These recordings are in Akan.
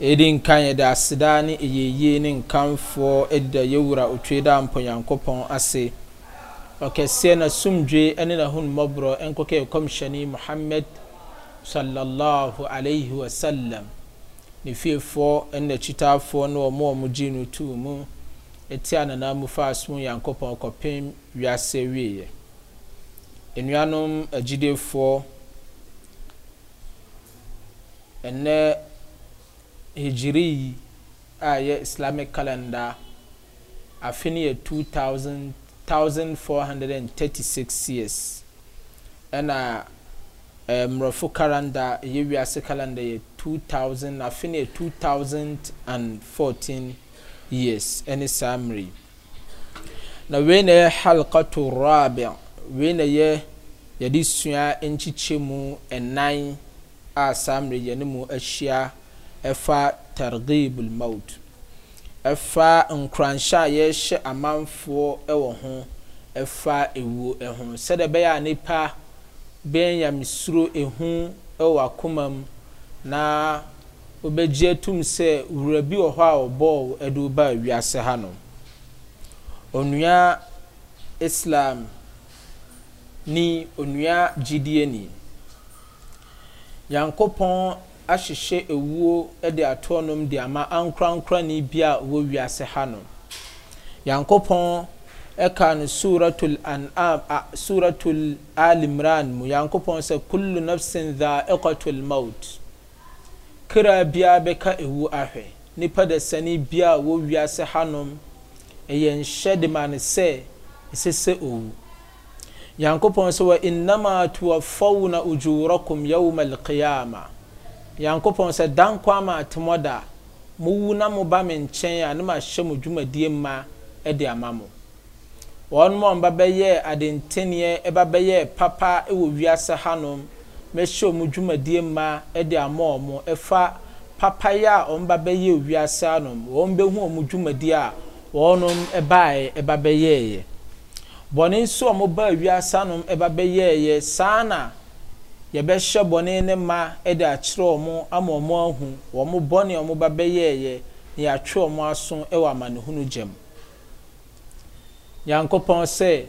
ɛdi nkan da aseda ne ɛyɛyie ne nkanfoɔ ɛdeda yɛwura otwe da mpɔnyankopɔn ase ɔkɛseɛ na sumdwe ɛne n'ahonmmɔborɔ ɛnkɔkɛ kɔmhyɛne muhammad sallallahu alaihi wasallam ne fiefoɔ ɛne n'akyitaafoɔ ne wɔn a wɔgye no tuu mu ɛte anana mu fa asom nyankopɔn kɔpem wiase wieɛ nnuanom agyidefoɔ ɛnɛ hijiri a yɛ islamic calendar afe no yɛ 2436 years ɛna eh, mmorɔfo calendar ɛyɛ wiase calendar yɛ 2000 afe no yɛ 2014 years ɛne saa mmere na wei na yɛ halkato rabia wei na yɛ yɛde sua nkyekyɛ mu ɛnan a saa mmere yɛne mu ahyia ɛfa targhibul maut ɛfa nkranhyɛ a yɛhyɛ amanfoɔ ɛwɔ ho ɛfa ewu ɛho sɛdeɛ ɛbɛyɛ a nipa bɛn yamsuro ehu ɛwɔ akoma mu na wobɛgye atum sɛ wura bi wɔ hɔ a ɔbɔɔ ɛde ba wiase ha no onua islam ni onua gyidie ni yankopɔn ahyehyɛ ewuo de ato nom de ama ankorankorani bi a wɔ wiase hanom yankopɔn ɛka no suratul an'am a suratul alimran mu yankopɔn sɛ kullu nafsin dha'iqatul maut kra biara bɛka ewu ahwɛ nipa da sani bia a wɔ wiase hanom ɛyɛ nhyɛ de ma ne sɛ ɛsɛ owu yankopɔn sɛ wa innama tuwafawna ujurakum yawma alqiyama nyankopɔn sɛ danko ama atemɔ da mowu na moba me nkyɛn a ne mahyɛ mo dwumadie mma de ama mo wɔn mu a ɔba bɛyɛ adenteneɛ ɛba bɛyɛ papa wɔ wiase hanom mɛhyɛ ɔmo dwumadie mma de ama ɔmo ɛfa papa yi a ɔmba bɛyɛ wiase hanom wɔn bɛhu ɔmo dwumadie a wɔn baeɛ ɛba bɛyɛɛyɛ bɔnne nso a ɔmo baa wiase hanom ɛba bɛyɛɛ yɛ saa na yɛbɛhyɛ bɔne ne ma de akyerɛ wɔn ama wɔn ahu wɔn bɔne a wɔba bɛyɛɛyɛ na yɛatwe wɔn aso wɔ amanehunu gyam nyankopɔn sɛ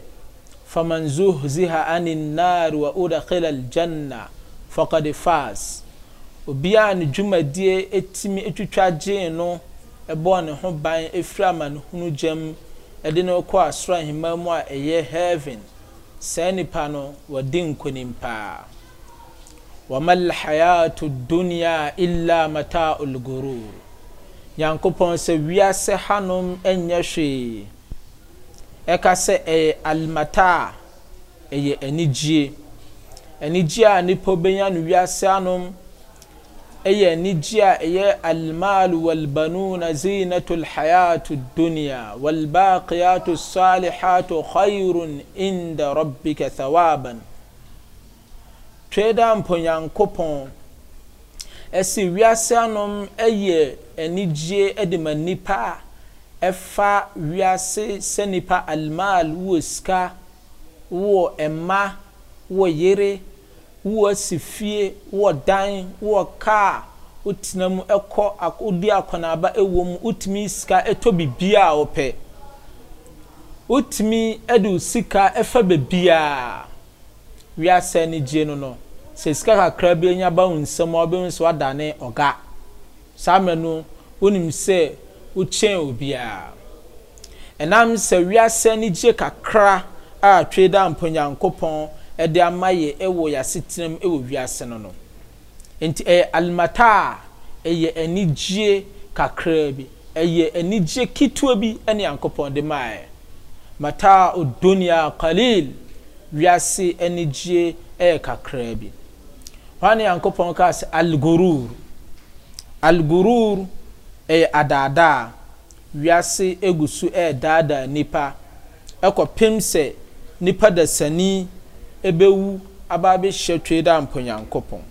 faman zuhziha ani nnar wa udkhila aljanna faqad faz obiara ne dwumadie etimi etwitwa gyee no ɛbɔɔ ne ho ban efiri amanehunu gyam ɛde no kɔ asoro ahema mu a ɛyɛ heaven saa nipa no wɔde nkonim paa وما الحياة الدنيا إلا متاع الغرور يعني بونس سويا سحانم إن يشي إكا سي المتاع إي إنجي إنجي نيبو بيان ويا سحانم إي إنجي إي المال والبنون زينة الحياة الدنيا والباقيات الصالحات خير عند ربك ثواباً twe da mpɔnyankopɔn ɛsi wiase anom ɛyɛ anigye ɛde ma nipa ɛfa wiase sɛ nipa almal wɔ sika wɔ ɛma wɔ yere wɔ asi fie wɔ dan wɔ kaa wotena mu ɛkɔ wodi akɔnaba ɛwɔ mu wotumi sika ɛtɔ bibia a wɔpɛ wotumi ɛde sika ɛfa baabiaa wiase anigye no no sɛ sika kakra bi anya ba wo nsɛm a wobɛhu sɛ woadane ɔga saa mmerɛ no wonim sɛ wokyɛn obiara ɛnam sɛ wiase ne gye kakra a twe da mponyankopɔn ɛde ama yɛ ɛwɔ yasetenam ɛwɔ wiase no no nti ɛyɛ alimata a ɛyɛ anigye kakra bi ɛyɛ anigye ketewa bi ɛne yankopɔn de maa yɛ mata odonia kalil wiase anigye ɛyɛ kakra bi hɔne nyankopɔn kaa sɛ algurur algurur ɛyɛ adaadaa wiase egu so ɛɛdaadaa nipa ɛkɔpem sɛ nipa dasani ɛbɛwu aba abɛhyɛ twe da mpɔnyankopɔn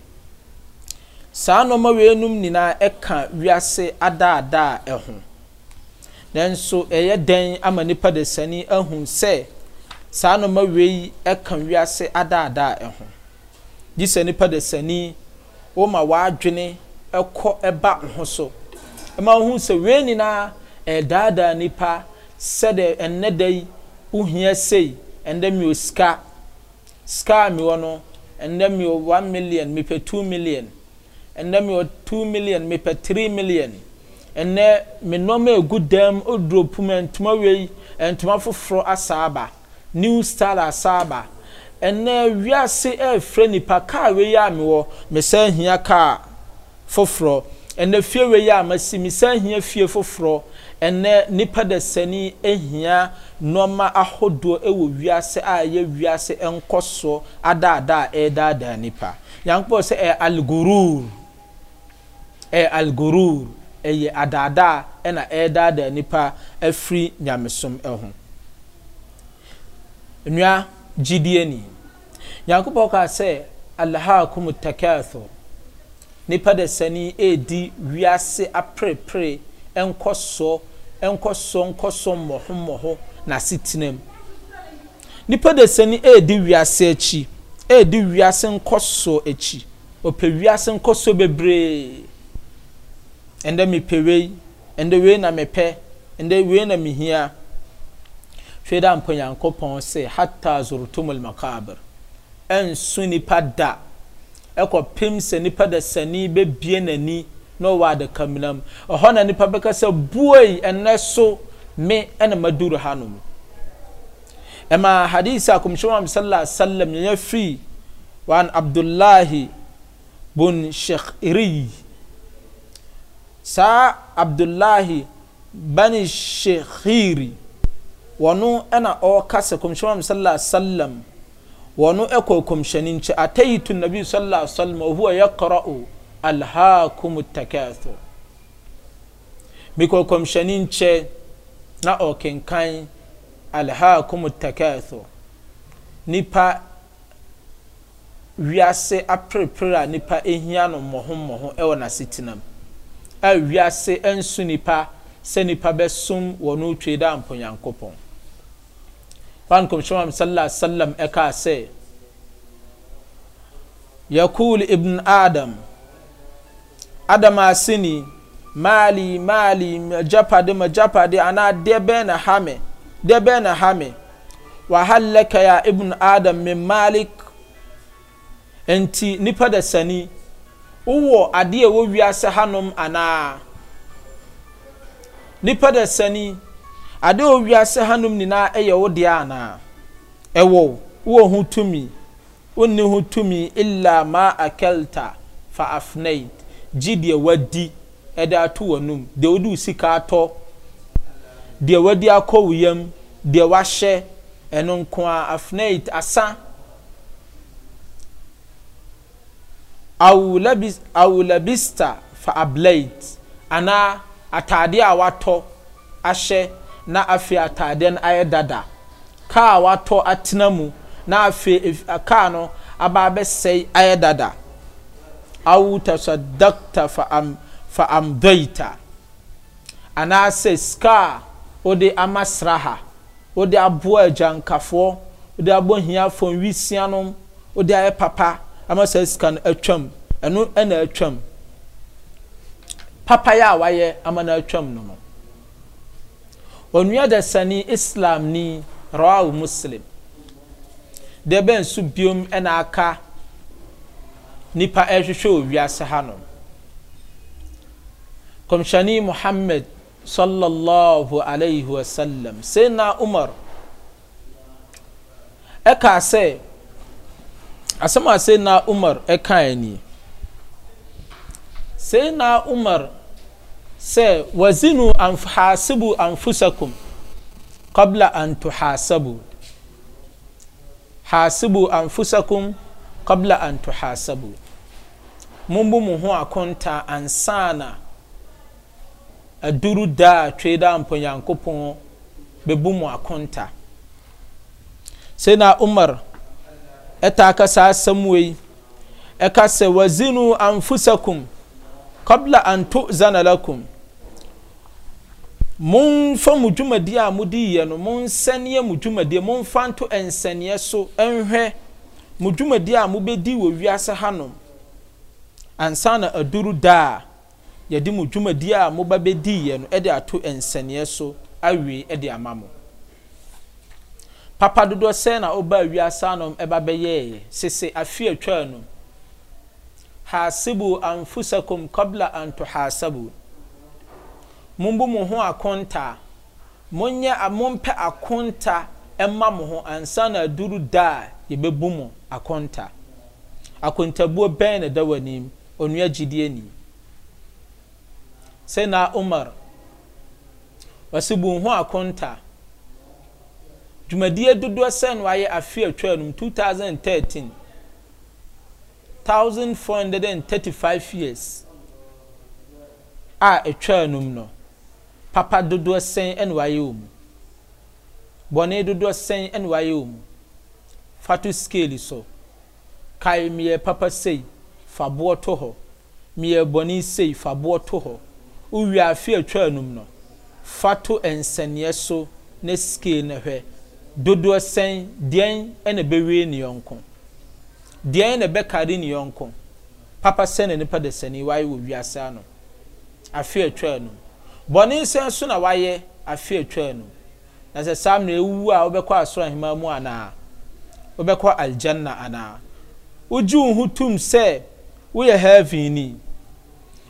saa nneɛma weenum nyinaa ɛka wiase adaadaa ɛho nanso ɛyɛ dɛn ama nipa dasani ɛho sɛ saa nneɛma wei ɛka wiase adaadaa ɛho gye sɛ nipa de sani wɔma wadwene ɛkɔ ɛba ho so ɛma wɔn ho sɛ wei nyinaa ɛdaadaa nipa sɛde ɛnɛ da yi wohia sei ɛnɛ mi o sika sika mi wɔ no ɛnɛ mi o one million mi pɛ two million ɛnɛ mi o two million mi pɛ three million ɛnɛ mi nneɛma egu dɛm oduro puma ntoma wei ntoma foforɔ asaaba new style asaaba. ɛnɛ wiase ɛɛfrɛ nipa kaa wei ame wɔ mesan hia kaa foforɔ ɛnɛ fie wei a masi mesan hia fie foforɔ ɛnɛ nipa dasani ehia nneɛma ahodoɔ ɛwɔ wiase a ɛyɛ wiase ɛnkɔsoɔ adaadaa ɛɛdaadaa nipa yankpɔ sɛ ɛyɛ algurur ɛyɛ algurur ɛyɛ adaadaa ɛna ɛɛdaadaa nipa ɛfiri nyamesom ɛho nnua gyidie nii. nyankopɔn kaa sɛ alhaakum takathur nnipa da sani edi wiase aprepre nkɔsɔ nkɔsɔ nkɔsɔ mmɔho mmɔho n'ase tena mu nipa da sani edi wiase akyi edi wiase nkɔsɔ akyi ɔpɛ wiase nkɔsɔ bebree ɛnda mepɛ wei ɛnda wei na mepɛ ɛnda wei na mehia hwɛ dɛ ampa nyankopɔn sɛ hatta zurtumul makabir ɛnso nipa da ɛkɔ pem sɛ nipa da sani bɛbie n'ani na ɔwɔ adakamina mu ɛhɔ na nipa bɛka sɛ buoi ɛnɛ so me ɛna maduru hanom ɛma hadisi akomhyɛn wa sallallahu alaihi wa sallam yɛnyɛ firi وعن عبد الله بن شخيري سا عبد الله بن شخيري ونو أنا أو كاسكم شوام صلى الله wɔno ɛkɔ kɔmhyɛne nkyɛ atayitu nabi sallallahu alaihi wasallam wa huwa yaqra'u alhaakum takathur mekɔ kɔmhyɛne nkyɛ na ɔkenkan alhaakum takathur nipa wiase aperepere a nipa ehia no mmɔho mmɔho ɛwɔ n'asetenam a wiase ɛnso nipa sɛ nipa bɛsom wɔn otwe da mpɔnyankopɔn pan kɔmhyɛn mu sallallahu alaihi wa sallam ɛka e sɛ yakul ibn adam adam asini maali maali magyapade magyapade anaa deɛ bɛn na ha me deɛ bɛn na ha me wahalaka ya ibn adam me malik nti nipa da sani wowɔ adeɛ ɛwɔ wiase hanom anaa nipa da sani ade o wiase hanom nyinaa ɛyɛ wo deɛ anaa ɛwɔ wo ho tumi wonni ho tumi illa ma akelta fa afnait gye deɛ wadi ɛde ato w'anum deɛ wode wo sika atɔ deɛ wadi akɔ wo yam deɛ wahyɛ ɛno nko a afnait asa awulabista fa ablait anaa ataadeɛ a watɔ ahyɛ na afei ataadeɛ no ayɛ dada kaa watɔ atena mu na afei kaa no aba abɛsɛe ayɛ dada sa tasadakta fa am fa amdoita anaasɛ sika a wɔde ama sraha wɔde aboa agyankafoɔ wɔde abɔ hiafoɔ nwisia nom wɔde ayɛ papa ama saa sika no atwam ɛno ɛna atwam papaya a wayɛ ama no atwam no no onua da sani islam ni rawahu muslim deɛ bɛn so biom ɛna aka nipa ɛhwehwɛ owiase hanom kɔmhyɛne muhammad sallallahu alaihi wasallam sena umar ɛkaa sɛ asɛm a sena umar ɛkaa ni sena umar sɛ wazinu anf hasibu anfusakum qabla an tuhasabu hasibu anfusakum qabla an tuhasabu mumbu mu ho akonta ansana aduru da twe da mponyankopɔn bebu mu akonta sai na umar ɛta ka saa asɛm wei ɛka sɛ wazinu anfusakum qabla an tu'zana lakum momfa mo dwumadie a mode yɛ no monsɛneɛ mo dwumadie momfa nto nsɛneɛ so nhwɛ mo dwumadie a mobɛdi wɔ wiase hanom ansa na aduru daa yɛde mo dwumadie a moba bɛdiiɛ no de ato nsɛneɛ so awie de ama mo papa dodoɔ sɛ na wobaa wiase hanom ɛba bɛyɛeɛ sese afe atwaa no hasibu anfusakum kabla antuhasabu Mumbu mo ho akonta monyɛ mompɛ akonta ɛma mo ho ansa na aduru da a yɛbɛbu mo akonta akontabuo bɛn na da w'anim onua gyidie ni sɛ na umar wɔsi bu ho akonta dwumadie dodoɔ sɛn wayɛ afe atwa anum 2013 1435 years a atwa anum no papa dodoɔ sɛn ɛna wayɛ wɔ mu bɔne dodoɔ sɛn ɛna wayɛ wɔ mu fato scale so kae meɛ papa sei faboɔ to hɔ meɛ bɔne sei faboɔ to hɔ wowie afe atwa anum no fato nsɛneɛ so ne scale na hwɛ dodoɔ sɛn deɛn ɛna bɛwie ne yɔnko deɛn na bɛkare ne yɔnko papa sɛn na nipa de sɛne wayɛ wɔ wiase ano afe atwa anum bɔne nsɛn so na wayɛ afe atwa no na sɛ saa mmerɛ ewu a wobɛkɔ asoro ahema mu anaa wobɛkɔ aljanna anaa wogye wo ho tom sɛ woyɛ heaveni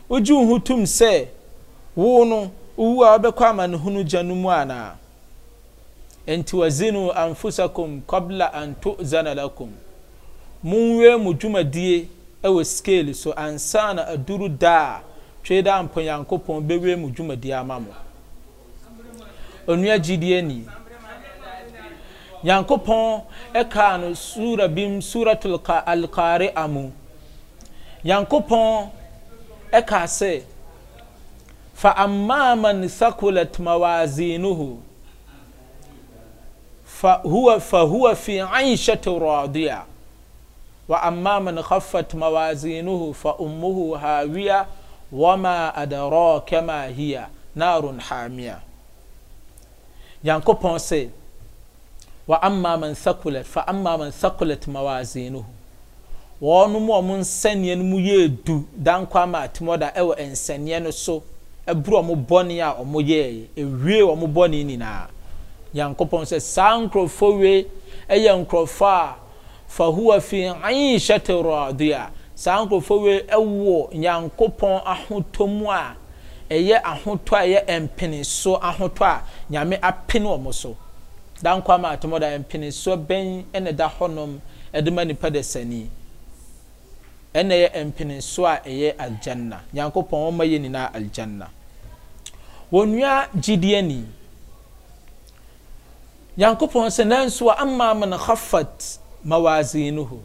wogye wo ho tom sɛ wo no wowu a wobɛkɔ amanehunu gya no mu anaa ɛnti wazinu anfusakum kɔbla an tuzana lakum monwie mo dwumadie ɛwɔ scale so ansa na aduru daa twe da mpɔnyankopɔn bɛwie mu dwumadi ama mo onua gyidie ni nyankopɔn ɛkaa no sura bim suratul alkare amu nyankopɔn ɛkaa sɛ fa amma man thakulat mawazinuhu فهو فهو في عيشة راضية وأما من خفت موازينه فأمه هاوية wama adaraka ma hiya narun hamia yankopɔn sɛ wa amma man sakulat fa amma man sakulat mawazinuhu wɔn mu a wɔn nsɛnniɛ no mu yɛ du danko ama atemɔda ɛwɔ nsɛnniɛ no so ɛburo wɔn bɔne a wɔn yɛɛ ewie wɔn bɔne nyinaa yankopɔn sɛ saa nkurɔfoɔ wei ɛyɛ nkurɔfoɔ a fahuwa fi ayin hyɛ te rɔɔdoa saa nkurɔfoɔ wei wɔ nyankopɔn ahotɔ mu a ɛyɛ ahotɔ a ɛyɛ mpeniso ahotɔ a nyame apene wɔn so dankwa ma atomɔ da mpeniso bɛn na ɛda hɔnom ɛde ma nipa da sani ɛna ɛyɛ mpeniso a ɛyɛ aljanna nyankopɔn wɔn ma yɛ nyinaa aljanna wɔn nua gyidie ni nyankopɔn sɛ nanso ama man khafat mawazinuhu.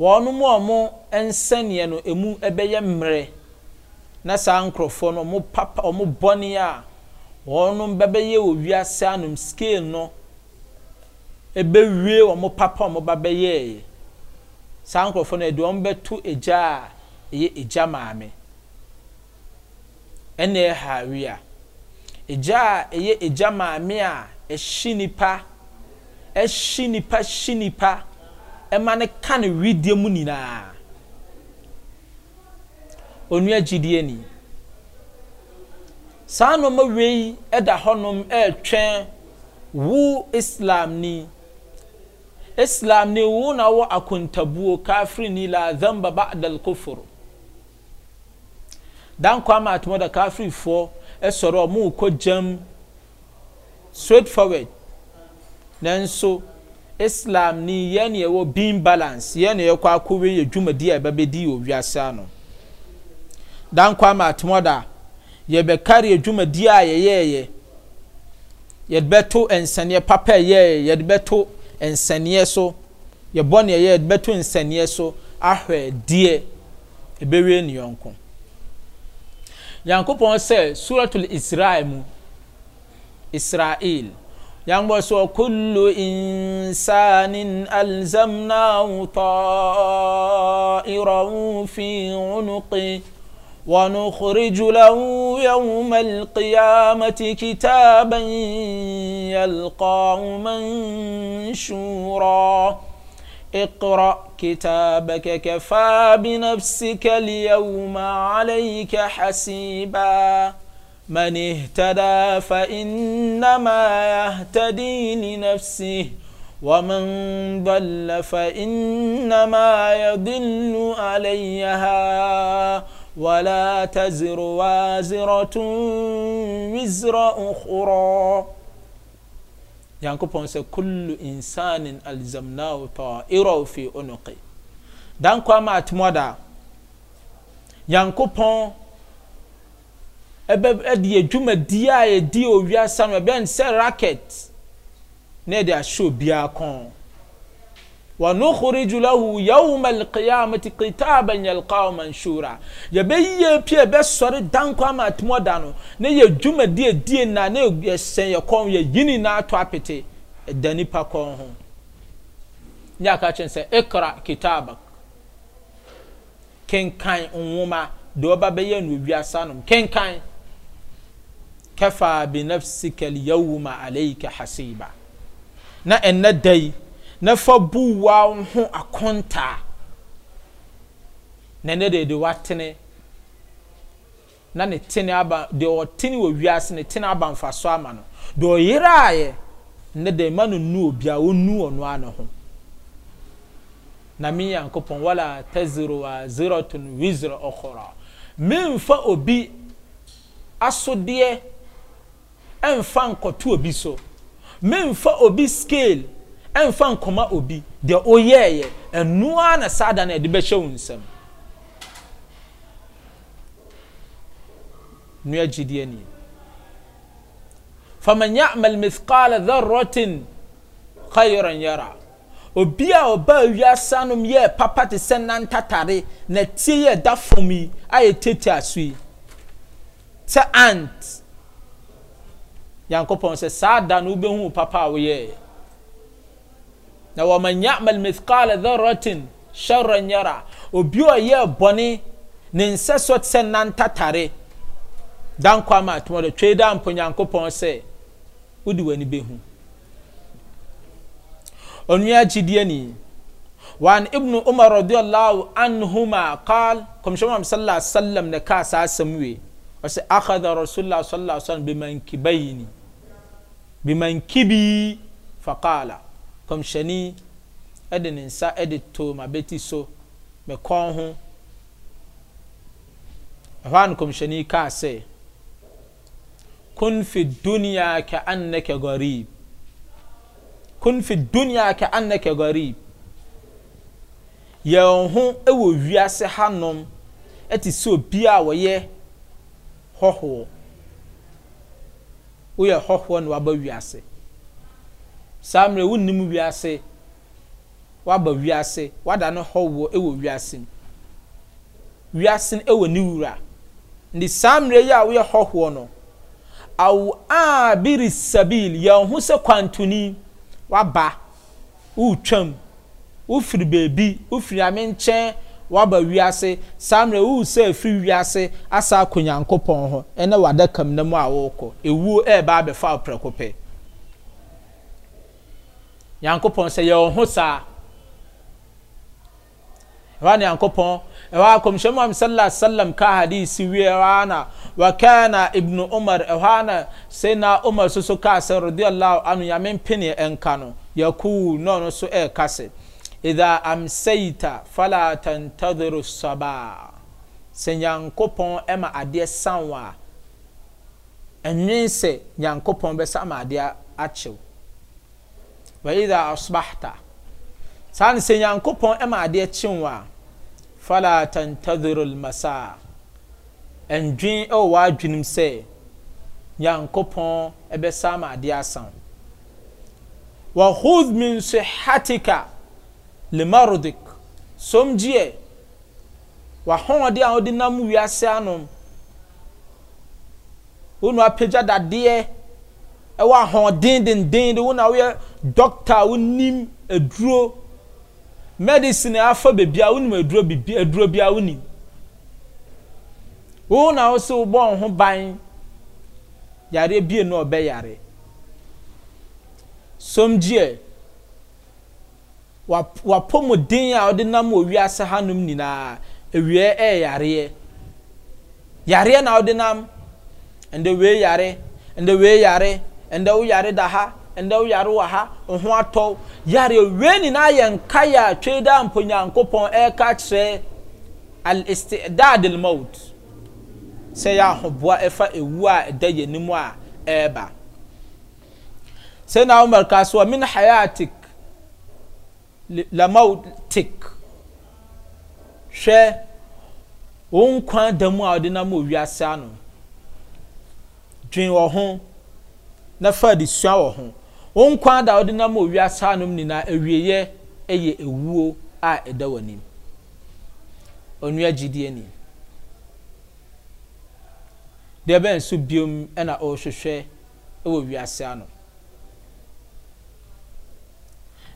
wɔn mu a wɔn nsɛnniɛ no emu bɛyɛ mmerɛ na saa nkurɔfoɔ no wɔn papa wɔn bɔne a wɔn bɛbɛyɛ wɔ wiase anum scale no ɛbɛwie wɔn papa wɔn ba bɛyɛɛ saa no ɛde bɛto a ɛyɛ egya maame ɛna ɛha awia egya a ɛyɛ egya maame a ɛhyi nipa ɛhyi nipa hyi ɛma ne ka ne wedeɛ mu nyinaa onua gyidie ni saa nneɛma wei ɛda hɔnom ɛretwɛn wo islam ni islam ni wo na wɔ akontabuo kafiri ni la zamba ba adal koforo dan kwame atomo da kafirifoɔ ɛsɔrɔ ɔmo kɔ gyam straight forward nanso islam ni yɛn na yɛwɔ bean balance yɛn na yɛkɔ akɔwe yɛ dwumadi a yɛbɛbɛdi wɔ wiase ano dankwa ama atomɔda yɛbɛkari yɛ dwumadi a yɛyɛɛyɛ yɛde bɛto nsɛnniɛ papa yɛyɛ yɛde nsɛnniɛ so yɛbɔ nea yɛyɛ yɛde bɛto nsɛnniɛ so ahwɛ deɛ ɛbɛwie ne yɔnko yankopɔn sɛ suratul israel mu israel. yango so كل إنسان ألزمناه ta'irahu في عنقه ونخرج له يوم القيامة كتابا يلقاه منشورا اقرأ كتابك كفى بنفسك اليوم عليك حسيبا من اهتدى فإنما يهتدي لنفسه ومن ضل فإنما يضل عليها ولا تزر وازرة وزر أخرى يانكوبون سي كل إنسان ألزمناه طائره في أنقه دانكو أما أتمودا يانكوبون ɛbɛ ɛde dwumadi a yɛdi owia sanu ɛbɛn sɛ racket na yɛde ahyɛ obiara kɔn wanukhuriju lahu yawma alqiyamati kitaban yalqahu manshura yɛbɛyi yɛ pie ɛbɛsɔre danko ama atomɔda no na yɛ dwumadi edie na na yɛhyɛn yɛ kɔn yɛyi nyinaa ato apete ɛda e nipa kɔn ho nyɛ aka kyerɛ sɛ ikra kitabak kenkan nwoma deɛ ɔba bɛyɛ no owiasa nom kenkan kafa bi nafsika yawma alayka hasiba na ɛnna da yi na fa buwa ho akonta na ne de de watene na ne tene aba de ɔtene wɔ wiase ne tene aba nfa so ama no de ɔyere ayɛ ne de ma no nu obi a onu ɔno ano ho na me nyankopɔn wala taziro wa zeroton wizra ɔkɔrɔ memfa obi asodeɛ ɛmfa nkɔto obi so memfa obi scale ɛmfa nkɔma obi deɛ ɔyɛɛyɛ ɛnoa na saa da no yɛde bɛhyɛ wo nsɛm nua gyidie nie faman yamal mithqala dharratin khayran yara obi a ɔba awiasa nom yɛ papa te sɛ nantatare na tie yɛ da fam yi ayɛ tete aso yi sɛ ant nyankopɔn sɛ saa da no wobɛhu papa a woyɛɛ na wɔman yamal mithkala dharatin sharan yara obi a ɔyɛɛ bɔne ne nsɛ so sɛ nantatare dankɔ ama atomɔdɔ twei da mpo nyankopɔn sɛ wode w'ani bɛhu ɔnua gyidiɛ ni وعن ابن عمر رضي الله عنهما قال كم شمام صلى الله عليه وسلم نكاس عسموي أخذ رسول الله صلى الله عليه وسلم بمنكبيني bimankibi faqala kɔmhyɛni ɛde ne nsa ɛde to mabɛti so me kɔn ho ɛhɔ a no kɔmhyɛni kaa sɛ kun fi dunya ka annaka gharib kun fi dunya ka annaka gharib yɛn ho ɛwɔ wiase hanom ɛte sɛ obi a wɔyɛ hɔhoɔ woyɛ hɔhoɔ na waba wiase saa mmerɛ wonnim wiase waba wiase wada no hɔhoɔ wɔ wiase mu wiase wɔ ne wura nti saa mmerɛ yi a woyɛ hɔhoɔ no awo a biri sabil yɛn ho sɛ kwantoni waba wotwam wofiri beebi wofiri ame nkyɛn waba wiase saa mmerɛ wowu sɛ wiase asa akɔ nyankopɔn ho ɛna wadakam na mu a wɔrekɔ ewuo ɛreba abɛfa aprɛko pɛ nyankopɔn sɛ yɛwɔ ho saa ɛhɔ na nyankopɔn ɛhɔ a muhammed sallallahu alaihi wa sallam ka hadisi wie ɛhɔ na wakana ibnu umar ɛhɔ na sena umar soso kaa sɛ rodi allahu anu nyame mpini ɛnka no yakuu na ɔno so ɛɛka sɛ. idha amsaita fala tantadhiru saba sɛ nyankopɔn ɛma adeɛ san wa ɛnwen sɛ nyankopɔn bɛsa ama adeɛ akyew wa idha asbahta saa ne sɛ nyankopɔn ɛma adeɛ kyew wa fala tantadhiru almasa ɛndwen ɛwɔ w'adwenem sɛ nyankopɔn ɛbɛsa ama adeɛ asan wa khudh min sihatika lemarodik somgyeɛ w'ahoɔden a wɔde nam wiase anom wonu apagya dadeɛ ɛwɔ ahoɔden denden de wo na woyɛ dɔkta a wonim aduro medicine afa beebi a wonim aduro bibi aduro bi a wonim wo na wosi wobɔ ho ban yare bie na ɔbɛyare somgyeɛ wapɔmuden a ɔde nam wɔ wiase hanom nyinaa ewie ɛyɛ yareɛ yareɛ na ɔde nam ɛnde wee yare ɛnde wee yare ɛnde wo yare da ha ɛnde wo yare wɔ ha ɔho atɔ yare wee nyinaa yɛ nka yɛ atwe da mponyankopɔn ɛɛka e kyerɛ al-istidadil maut sɛ yɛ ahoboa ɛfa e ewu a ɛda e yɛn nimu a ɛɛba sɛ na ɔmɛrika so ɔmin hayatik La lamautik hwɛ wɔn nkwa da mu a wɔde nam owiase ano dwen wɔ ho na fa de sua wɔ ho wɔn nkwa da a wɔde nam owiase ano nyinaa awieɛ yɛ ewuo a ɛda wɔn anim onua gyidie ni deɛ bɛn so biom na ɔrehwehwɛ wɔ wiase ano.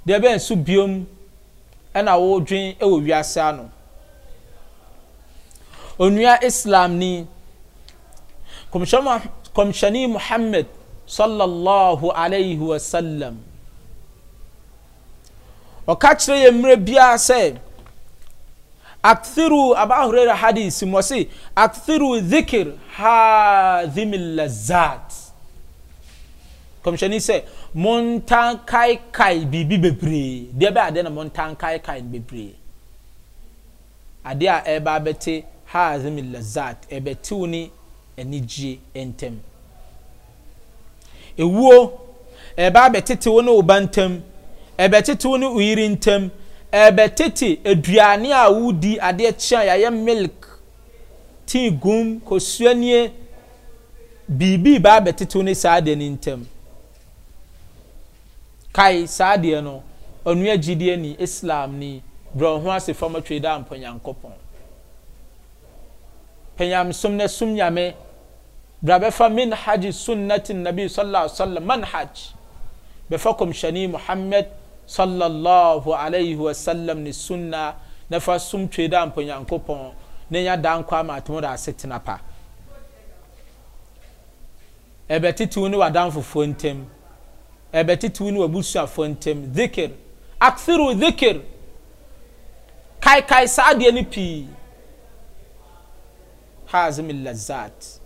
deɛ bɛn so biom ɛna wɔredwen ɛwɔ wiase ano onua islam ni kɔmhyɛni muhammed sallallahu alayhi wa sallam ɔka kyerɛ yɛ mmerɛ biara sɛ akthiru abahurera hadis mu ɔse akthiru dhikir hadhimi lazat kɔmhyɛni sɛ montankaekae biribi bebree deɛ bɛ adeɛ na montankaekae no bebree adeɛ a ɛreba abɛte haazim lazat ɛbɛtew ne anigye ntɛm ewuo ɛreba abɛtetew ne ɔba ntɛm ɛbɛtetew ne uyiri ntɛm ɛbɛtete aduane a wodi adeɛ kyea yɛayɛ milk tea gum kosuanie biribi ba abɛtetew ne saa adeɛ ne ntɛm kae saa deɛ no ɔnua gyidie ni islam ni brɛ ho ase fam atwere da mpɔnyankopɔn panyamsom na sum nyame brabɛfa min hajj sunnati nabi sallallahu alaihi wasallam man hajj bɛfa kɔmhyɛni muhammad sallallahu alaihi sallam ni sunna na fa sum twere da mpɔnyankopɔn na nya da nkwa ama atomo da ase tena pa ɛbɛtitiw ne wadanfofoɔ ntɛm ɛbɛtetew ne wabusuafoɔ ntam dhikr akthiru dhikr kaekae saa adeɛ no pii hazim lazat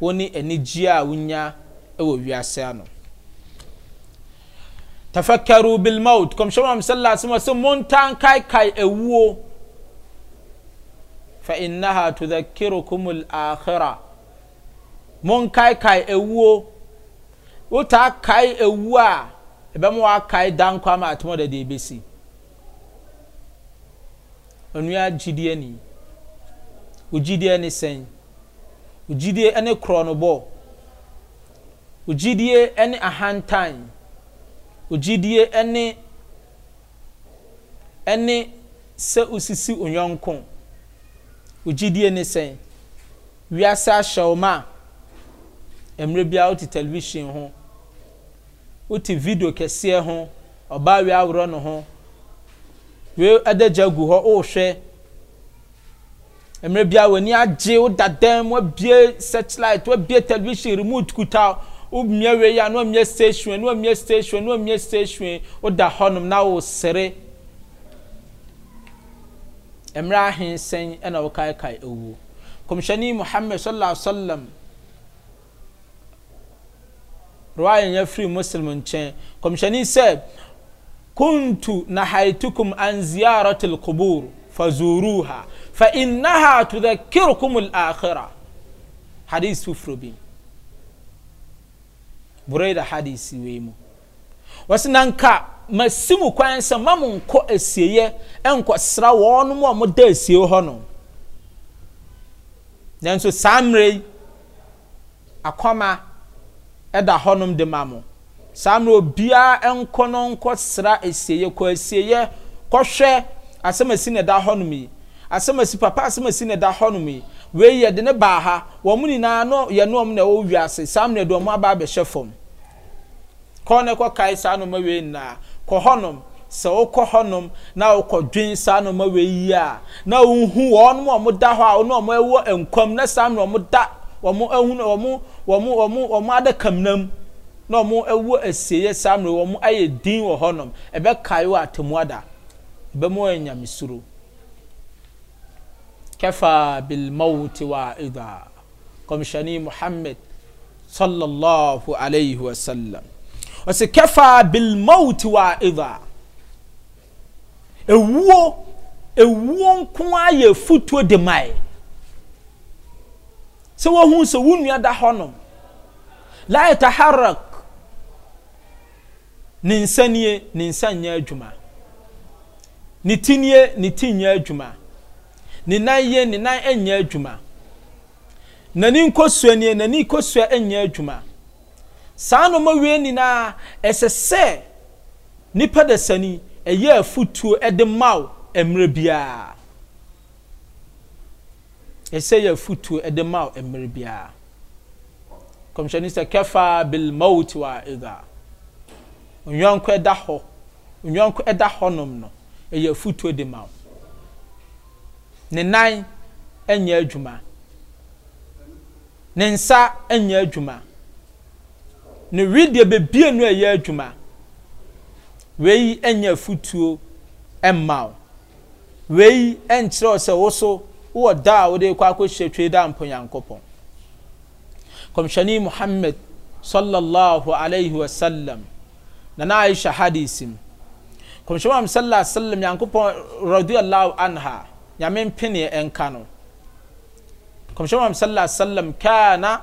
wo ne anigyeɛ a wonya ɛwɔ wiase ano tafakkaru bilmaut kɔmhyɛ mam sala sm sɛ montan kaekae awuo fa innaha tudhakirukum alakhira monkaekae awuo wotaa kae ewu a ɛbɛma wakae danko ama atoma da de ebesi onua gyidie ni ogyidie ne sɛn ogyidie ne korɔnobɔ ogyidie ne ahantan ogyidie ne ne sɛ osisi onyɔnko ogyidie ne sɛn wiase ahyɛwoma mmerɛ biara wote television ho wote video kɛseɛ ho ɔbaa wei aworɔ ne ho wei ɛda gya gu hɔ ɔrehwɛ mmerɛ bia w'ani agye woda dan mu abie searchlight wabie television remote kuta womia wei a na wamia station na wamia station na wamia station woda hɔnom na wosere mmerɛ ahensɛn ɛna wokaekae ɛwuo kɔmhyɛne muhammad sallallahu alaihi wasallam ruwaya nyɛ firi muslim nkyɛn kɔmhyɛni sɛ kuntu nahaitukum an ziyarati alqubur fazuruha fa innaha tudhakkirukum alakhira hadis foforo bi buraida hadis wei mu wɔsi nanka masi mu kwan sɛ ma mo nkɔ asieɛ nkɔsra wɔnom a moda asie hɔ no nanso saa mmerɛ yi akɔma ɛda hɔnom de ma mo saa mmerɛ obiara nkɔ no nkɔ sra kɔ asieyɛ kɔhwɛ asɛm na ɛda hɔnom yi asɛm papa asɛm na ɛda hɔnom yi wei de ne ha wɔn nyinaa no yɛ na ɛwɔ ase saa mmerɛ de wɔn aba abɛhyɛ fam kɔɔ na ɛkɔ kae nyinaa kɔ hɔnom sɛ wokɔ hɔnom na wokɔdwen saa nneɛma a na wohu wɔn a hɔ a wɔn a nkɔm na saa wɔn ahunu wɔn wɔn wɔn wɔn adakam nam na wɔn awu asieɛ samre wɔn ayɛ din wɔ hɔnom ɛbɛkae wɔ atemuada ɛbɛmu yɛ nyamesuro kafa bilmawuti wa ida kɔmhyɛni muhammed sallallahu alayhi wa sallam ɔsi kafa bilmawuti wa ida ewuo ewuo nko ayɛ futuo de mae sɛ wohu sɛ wo nua da hɔnom la yataharak ne nsa nie ne nsa nyɛ adwuma ne ti nie ne ti nyɛ adwuma ne nan yie ne nan nyɛ adwuma n'ani nkosua nie n'ani nkosua nyɛ adwuma saa nneɛma wie nyinaa ɛsɛ sɛ nipa dasani ɛyɛ afutuo ɛde maw mmerɛ biara ɛsɛ yɛ futuo ɛde ma mmerɛ biara kɔmhyɛni sɛ kɛfa bil mawuti wa ega onyanko ɛda hɔ onyanko ɛda hɔnom no ɛyɛ futuo de ma ne nan ɛnyɛ adwuma ne nsa ɛnyɛ adwuma ne wideɛ bebie no ɛyɛ adwuma wei ɛnyɛ futuo ɛma wei ɛnkyerɛ sɛ woso wowɔ da a wode kɔ akɔhyɛ twe da mpo nyankopɔn kɔmhyɛne muhammad sallallahu alaihi wasallam na na aisha hadis mu kɔmhyɛne muhammad sallallahu alaihi wasallam nyankopɔn radiallahu anha nyame mpeneɛ ɛnka no kɔmhyɛne muhammad sallallahu alaihi wasallam kana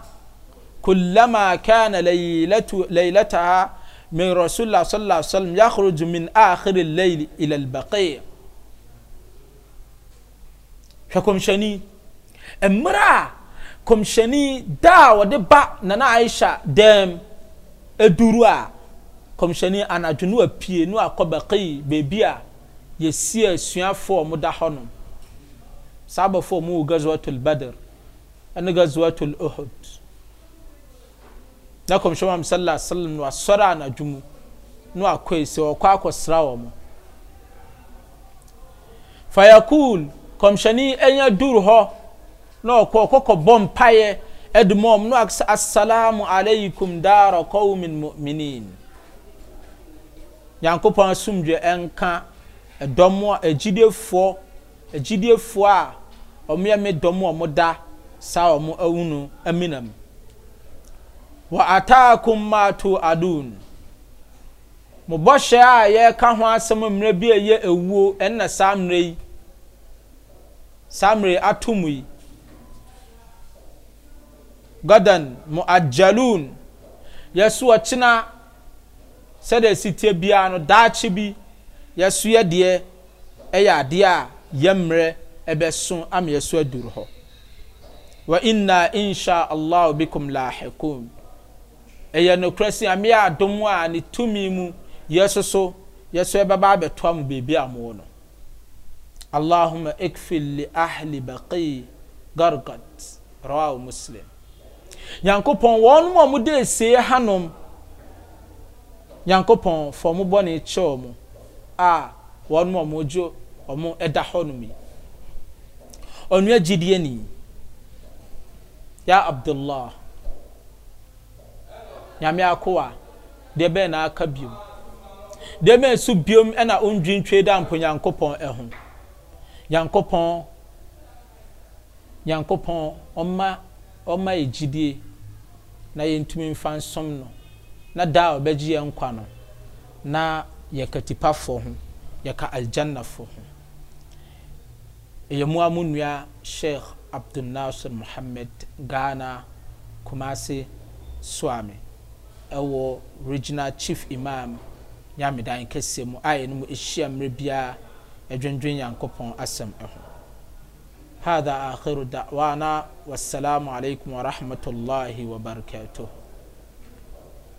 كلما كان ليلته ليلتها من رسول الله صلى الله عليه وسلم يخرج من آخر الليل إلى البقيع hwɛ kɔmhyɛni mmerɛ a kɔmhyɛni da a wɔde ba nana aisha dɛm eduru a kɔmhyɛni anadwo no apue no akɔ bɛkii beebi a yɛsi asuafoɔ a wɔn da hɔnom saa abɔfoɔ wɔn wɔ gazuwatul badr ɛne gazuwatul uhud na kɔmhyɛni muhammad sallallahu alaihi sallam no asɔre anadwo mu no akɔ esi wɔkɔ akɔsra wɔn fayakul kɔmhyɛni ɛnya duru hɔ na ɔkɔ kɔkɔ bɔ mpaeɛ ɛde mu ɔmo no asalaamu aleikum daara kɔwumin mu'minin nyankopɔn asomdwe ɛnka ɛdɔm a agyidefoɔ agyidefoɔ a ɔmo yɛ me dɔm a ɔmo da saa ɔmo awunu aminam wɔ ataakum maatu adun mo bɔhyɛ a yɛka ho asɛm mmerɛ bi a ɛyɛ ewuo ɛnna saa mmerɛ yi. Samre mmere ato mu yi gadan mu ajalun yɛso ɔkyena sɛdeɛ sitie biara no daakye bi yɛso yɛ deɛ ɛyɛ adeɛ a yɛmmerɛ ɛbɛso ama yɛso aduru hɔ wa inna insha allah bikum lahikum ɛyɛ nokorɛ si ame a adom a ne tumi mu yɛsoso yɛso ɛbɛba abɛtoa mu beebi a mo wɔ no اللهم اكفل لأهل بقي غرقت رواه مسلم muslim wɔn mu a wɔde esie hanom nyankopɔn fa wɔn bɔ ne a wɔn mu a ịda wɔn ɛda hɔnom yi ɔnua gyidie ya abdullah nyame akoa deɛ na aka biom deɛ nyankopɔn nyankopɔn ɔma ɔma yɛ na yɛntumi mfa nsom no na daa a ɔbɛgye yɛn nkwa no na yɛka tipafoɔ ho yɛka aljannafoɔ ho ɛyɛ mu a mu nua sheikh abdulnasir muhammad ghana Kumasi swami ɛwɔ regional chief imam nyamedan kɛseɛ mu a yɛn mu ahyia mmerɛ biara adwendwen يانكوبون اسم اهو هذا آخر دعوانا والسلام عليكم ورحمة الله وبركاته